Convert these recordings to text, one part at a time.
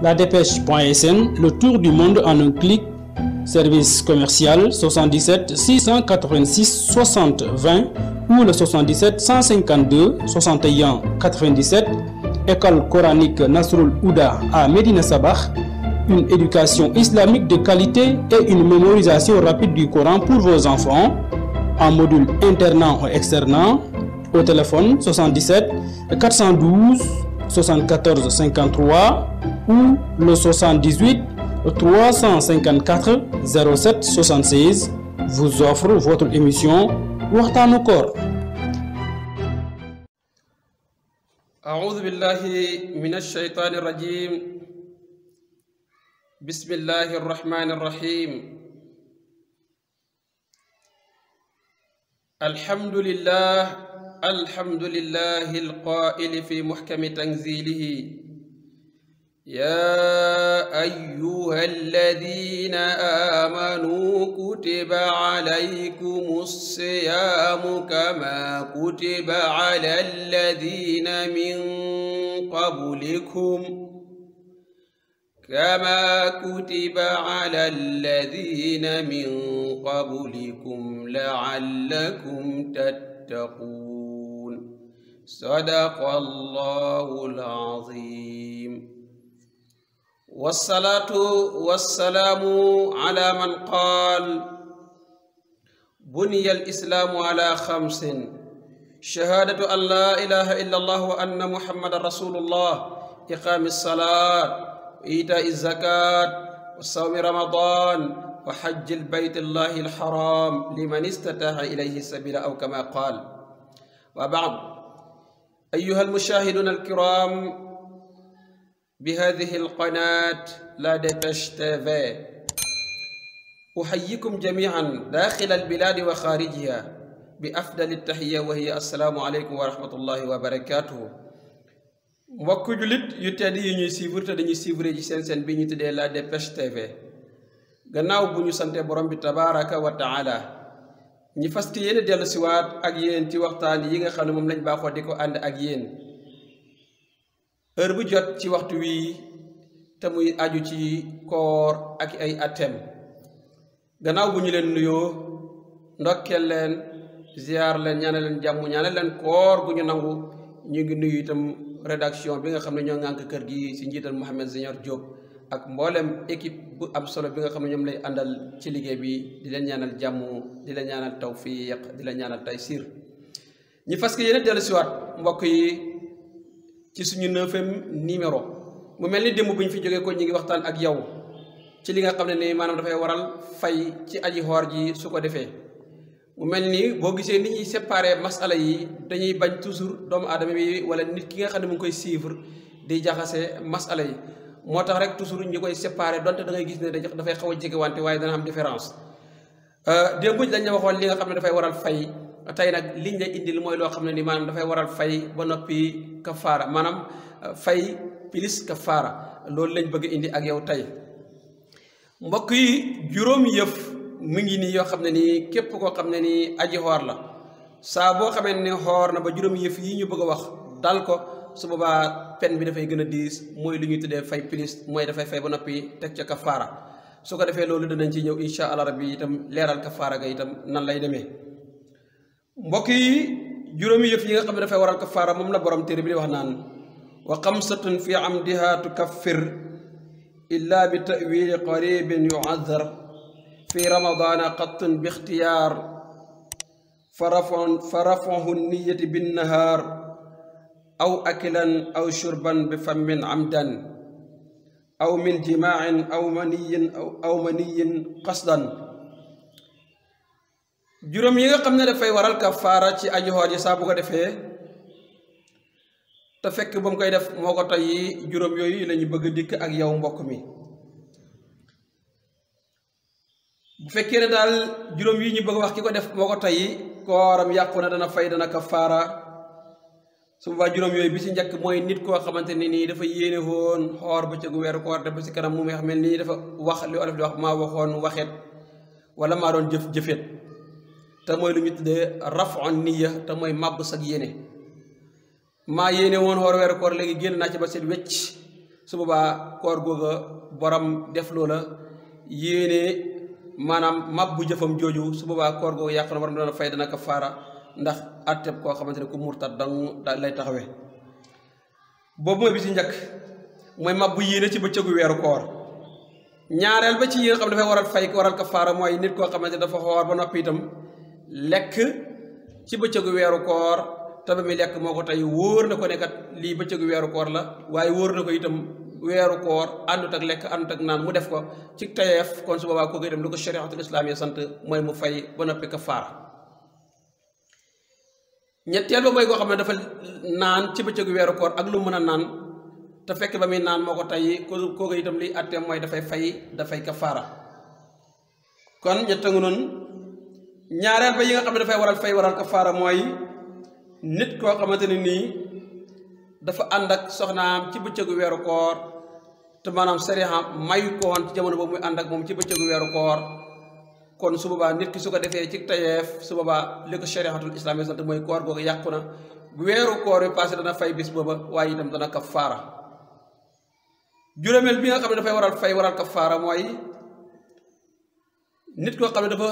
La dépêche.sn, le tour du monde en un clic, service commercial 77 686 60 20 ou le 77 152 61 97, école coranique Nasrul Ouda à Medina Sabah, une éducation islamique de qualité et une mémorisation rapide du Coran pour vos enfants, en module internant ou externant, au téléphone 77 412 74 53 ou le 78 354 07 76 vous offre votre émission waxtaanu koor أعوذ بالله من الشيطان الرجيم بسم الله rahim الرحيم الحمد لله الحمد لله القائل يا أيها الذين آمنوا كتب عليكم الصيام كما كتب على الذين من قبلكم كما كتب على الذين من قبلكم لعلكم تتقون صدق الله العظيم والصلاة والسلام على من قال بني الإسلام على خمس شهادة أن لا إله إلا الله وأن محمد رسول الله إقام الصلاة وإيتاء الزكاة وصوم رمضان وحج البيت الله الحرام لمن استطاع إليه السبيل أو كما قال وبعد أيها المشاهدون الكرام بهذه القناة لدى تش تيفي أحييكم جميعا داخل البلاد وخارجها بأفضل التحية وهي السلام عليكم ورحمة الله وبركاته mbokku julit yu tedd yi ñuy suivre te dañuy suivre ci seen seen bi ñu tuddee la Dépêche TV gannaaw bu ñu sante borom bi tabaraka wa taala ñi fas yéene dellu siwaat ak yéen ci waxtaan yi nga xam ne moom lañ baaxoo di ko ànd ak yéen heure bu jot ci waxtu wi te muy aju ci koor ak ay atem gannaaw bu ñu leen nuyoo ndokkeel leen ziar leen ñaane leen jàmm ñaane leen koor bu ñu nangu ñu ngi nuyu itam rédaction bi nga xam ne ñoo ngànk kër gi si njiital Mouhamed Senior Diop ak mboolem équipe bu am solo bi nga xam ne ñoom lay àndal ci liggéey bi di leen ñaanal jàmm di leen ñaanal tawfiq di leen ñaanal taysir ñi fas yéene dellusiwaat mbokk yi ci suñu neuvième numéro mu mel ni démb bu ñu fi jógee ko ñi ngi waxtaan ak yow ci li nga xam ne ni maanaam dafay waral fay ci aji xoor ji su ko defee mu mel nii boo gisee ni ñuy séparé masala yi dañuy bañ toujours doomu aadama bi wala nit ki nga xam ne mu ngi koy suivre di jaxase masala yi moo tax rek toujours ñi koy séparé donte dangay gis ne dafay xaw a jege wante waaye dana am différence euh, démb dañ waxoon li nga xam ne dafay waral fay tey nag liñ lay indil mooy loo xam ne ni maanaam dafay waral fay ba noppi kafaara maanaam euh, fay pilis kafaara loolu lañ bëgg indi ak yow tey mbokk yi juróom yëf mu ngi nii yoo xam ne nii képp koo xam ne nii aji xoor la saa boo xamee ni xoor na ba juróom yëf yi ñu bëgg a wax dal ko su boobaa pen bi dafay gën a diis mooy lu ñuy tuddee fay pilis mooy dafay fay ba noppi teg ca kafaara su ko defee loolu danañ ci ñëw incha allah rabbi itam leeral kafaara itam nan lay demee mbok yi juróomi yëf yi nga xamne ne dafay waral kafara mom la borom téere bi wax naan wa xamsatun fi amdiha tukaffir illa bi ta'wil qaribin yu'azzar fi ramadan qattun bi ikhtiyar farafun farafuhu niyyati bin nahar aw akilan aw shurban bi fammin amdan aw min jimaain aw maniyin aw maniyin qasdan juróom yi nga xamne da fay waral kafara, ci aju hoji sabu bu ko defé ta fekk ba mu koy def moo ko tey yi juróom yooyu lañu bëgg dik ak yaw mbokk mi bu fekké na dal juróom yi ñu bëgg wax ki ko def moo ko tey yi na dana fay dana kafara su boobaa juróom yoy bi ci ñak moy nit ko xamanteni ni dafa yéene woon xor ba ci gu wër ko te ci kanam mu may melni dafa wax li olof wax ma waxon waxet wala ma doon jëf jëfet te mooy lu ñu tuddee rafon niya te mooy màbb sag yéene maa yéene woon xoor weeru koor léegi génn naa ci ba seet wecc su boobaa koor googa borom def loola yéene maanaam màbbu jëfam jooju su boobaa koor googa yàqu na borom dana fay dana kafaara ndax atteb koo xamante ne ku murtat dang lay taxawee boobu mooy bi njëkk mooy màbbu yéene ci bëccëgu weeru koor ñaareel ba ci yi nga xam ne dafay nit koo xamante dafa xoor ba noppi itam lekk ci bëccëgu weeru koor te ba muy lekk moo ko tey wóor na ko ne lii bëccëgu weeru koor la waaye wóor na ko itam weeru koor àndut ak lekk àndut ak naan mu def ko ci tayeef kon su sant mooy mu fay ba noppi kafaara ñetteel koo xam ne dafa ci bëccëgu weeru koor ak lu mën a naan te fekk ba naan moo tey kooku itam liy àtteem mooy dafay fay dafay kafaara kon ñett nga noonu ñaareel ba yi nga xam ne dafay waral fay waral kafaara mooy nit koo xamante ne nii dafa ànd ak soxnaam ci bëccëgu weeru koor te maanaam sariha mayu ko jamono boobu muy ànd ak moom ci bëccëgu weeru koor kon su boobaa nit ki su ko defee ci tayeef su boobaa li ko shariatul mooy koor yàqu weeru koor bi passé dana fay bis booba waaye itam dana kafaara juróomeel bi nga xam ne dafay waral fay waral kafaara mooy nit koo xam ne dafa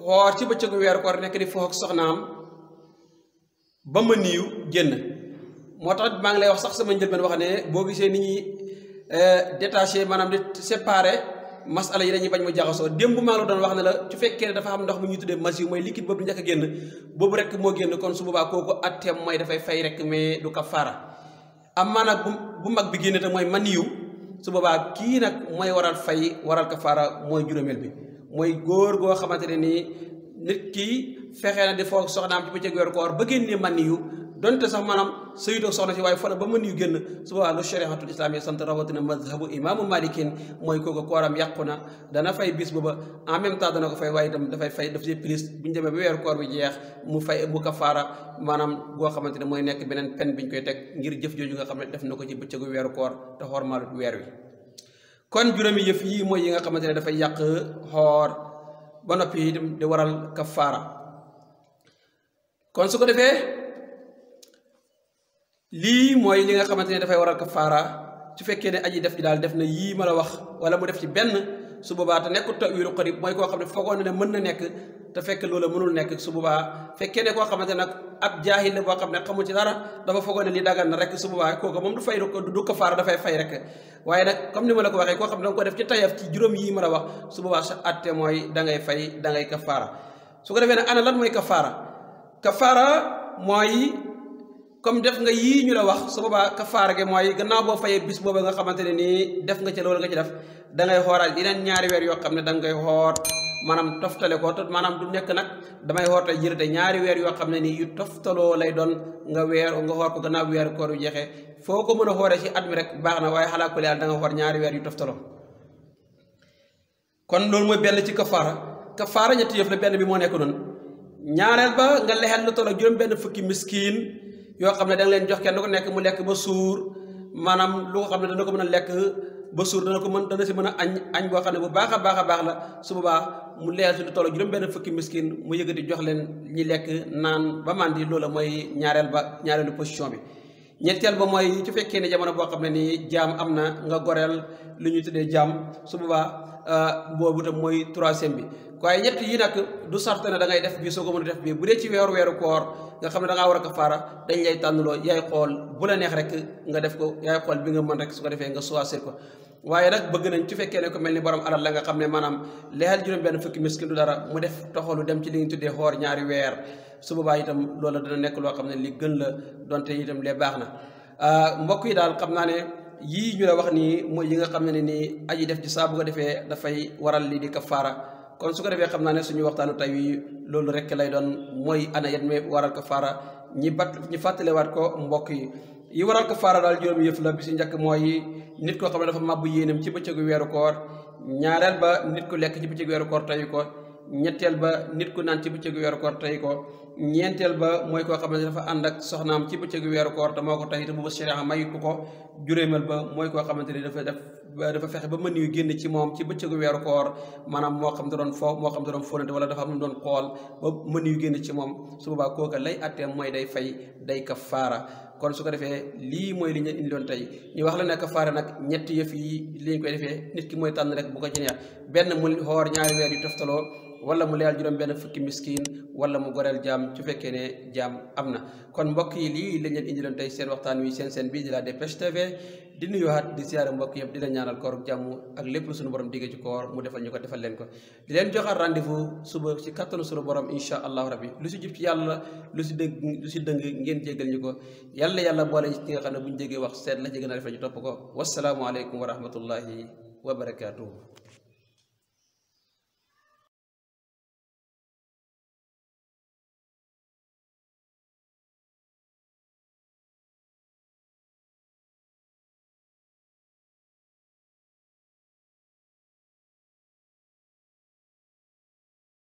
woor ci bëccëgu weeru koor nekk di foofu ak soxnaam ba ma niiw génn moo tax maa ngi lay wax sax sama njëlbeen wax ne boo gisee ni ñuy euh, détaché maanaam di séparé masala yi dañuy bañ mu jaxasoo démb maa ngi doon wax ne la su fekkee ne dafa am ndox mu ñuy tuddee masiw mooy liquide boobu njëkk a génn boobu rek moo génn kon su boobaa kooku atteem mooy dafay fay rek mais du kafaara am maanaam bu bu mag bi génn te mooy ma niiw su boobaa kii nag mooy waral fay waral kafaara mooy juróomeel bi mooy góor goo xamante ne nii nit kii fexe na di foog soxnaam ci bëccëg weeru koor ba génnee man yu donte sax maanaam sëyut ak soxna si waaye fana ba mën yu génn su boobaa lu chariatul islam yi sant rawatina mazhabu imaamu malikin mooy kooku kooram yàqu na dana fay bis booba en même temps dana ko fay waaye itam dafay fay daf see plus bu ñu demee ba weeru koor bi jeex mu fay bu kafaara maanaam goo xamante ne mooy nekk beneen pen bi ñu koy teg ngir jëf jooju nga xam ne def na ko ci bëccëgu weeru koor te xormaalut weer wi kon juróomi yëf yi mooy yi nga xamante ne dafay yàq xoor ba noppi itam di waral kafaara kon su ko defee lii mooy li nga xamante ne dafay waral kafaara su fekkee ne aji def ji daal def na yii ma la wax wala mu def ci benn su boobaa te nekkul tawilu qarib mooy koo xam ne foogoo na ne mën na nekk te fekk loola mënul nekk su boobaa fekkee ne koo xamante nag ab jaahil la boo xam ne xamul ci dara dafa foogoo ne li dagan na rek moom du fay du kafaara dafay fay rek waaye nag comme ni ma la ko waxee koo xam ne danga ko def ci tayaf ci fay da ngay kafaara su ko defee ne ana lan mooy kafaara kafaara mooy comme def nga yi ñu la wax su ka kafaara ge moy gannaaw bo fayé bis booba nga xamanteni ni def nga ci loolu nga ci def da ngay xoral yeneen ñaari wër yo xamne da ngay xor manam toftale ko tot manam du nek nak damay xoor tey jërte ñaari wër yo xamne ni yu toftalo lay doon nga wër nga xor ko gannaaw weer koor yu jeexee foo ko mën a xooree si rek baxna way waaye xalaa ko da nga xor ñaari wër yu toftalo kon loolu moy benn ci kafara kafara ñetti yef la benn bi mo nek noonu ñaarel ba nga lehel lu tolo juroom juróom benn fukki miskeen yoo xam ne da leen jox kenn ko nekk mu lekk ba suur maanaam lu ko xam ne dana ko mën a lekk ba suur dana ko mën dana si mën a añ añ boo xam ne bu baax a baax a baax la su boobaa mu leel si lu toll juróom-benn fukki miskin mu yëgati jox leen ñi lekk naan ba di loola mooy ñaareel ba ñaareelu position bi. ñenteel ba mooy su fekkee ne jamono boo xam ne nii jaam am na nga goreel lu ñu tuddee jaam su boobaa. Euh, boobu tam mooy troisième bi waaye ñett yi nag du sart ne da ngay def bii soo ko mën a def bii bu dee ci weeru weeru koor nga xam ne da war a kafaara dañ lay tànnloo yaay xool bu la neex rek nga def ko yaay xool bi nga mën rek su ko defee nga choisir ko waaye nag bëgg nañ ci fekkee ne ko mel ni borom alal la nga xam ne maanaam leexal juróom benn fukki miskin du dara mu def toxalu dem ci li ñu tuddee xoor ñaari weer su boobaa itam loolu dana nekk loo xam ne li gën la donte itam lee baax na euh, yi daal xam yii ñu la wax nii mooy yi nga xam ne nii aji def ci saa bu ko defee dafay waral lii di kafaara kon su ko defee xam naa ne suñu waxtaanu tey wi loolu rek lay doon mooy ana yan may waral kafaara ñi bat ñi fàttalewaat ko mbokk yi yi waral kafaara daal juróomi yëf la bi si njëkk mooy nit koo xam ne dafa màbbu yéenam ci bëccëgu weeru koor ñaareel ba nit ku lekk ci bëccëgu weeru koor tayu ko ñetteel ba nit ku naan ci bëccëgu weeru koor tey ko ñeenteel ba mooy koo xam ne dafa ànd ak soxnaam ci bëccëgu weeru koor te moo ko tey te bu bës sharia mayitu ko juróomeel ba mooy koo xamante ni dafa def dafa fexe ba mën yu génn ci moom ci bëccëgu weeru koor maanaam moo xam te doon foo moo xam te doon fóonante wala dafa am doon xool mën yu génn ci moom su boobaa lay atteem mooy day fay day kafaara kon su ko defee lii mooy li ñu indi doon tey ñu wax la ne kafaara nag ñetti yëf yi li koy defee nit ki mooy tànn rek bu ko ci neex benn mu xoor ñaari weer yi yu toftaloo wala mu leyal juróom benn fukki miskin wala mu goreel jaam su fekkee ne jaam am na kon mbokk yi lii lañ leen indiloon tey seen waxtaan wi seen seen bii di laa Dépêche TV di nuyuwaat di siyaare mbokk yëpp di la ñaanal koor jàmm ak lépp lu suñu borom diggee ci koor mu defal ñu ko defal leen ko di leen joxaat rendez-vous suba ci kattanu suñu borom insha allahu rabbi lu si jub ci yàlla lu si dëgg lu si dëng ngeen jéggal ñu ko yàlla yàlla boole ki nga xam ne bu ñu jégee wax seet la jégg naa ñu topp ko wasalaamualeykum wa rahmatullahi wa barakaatuhu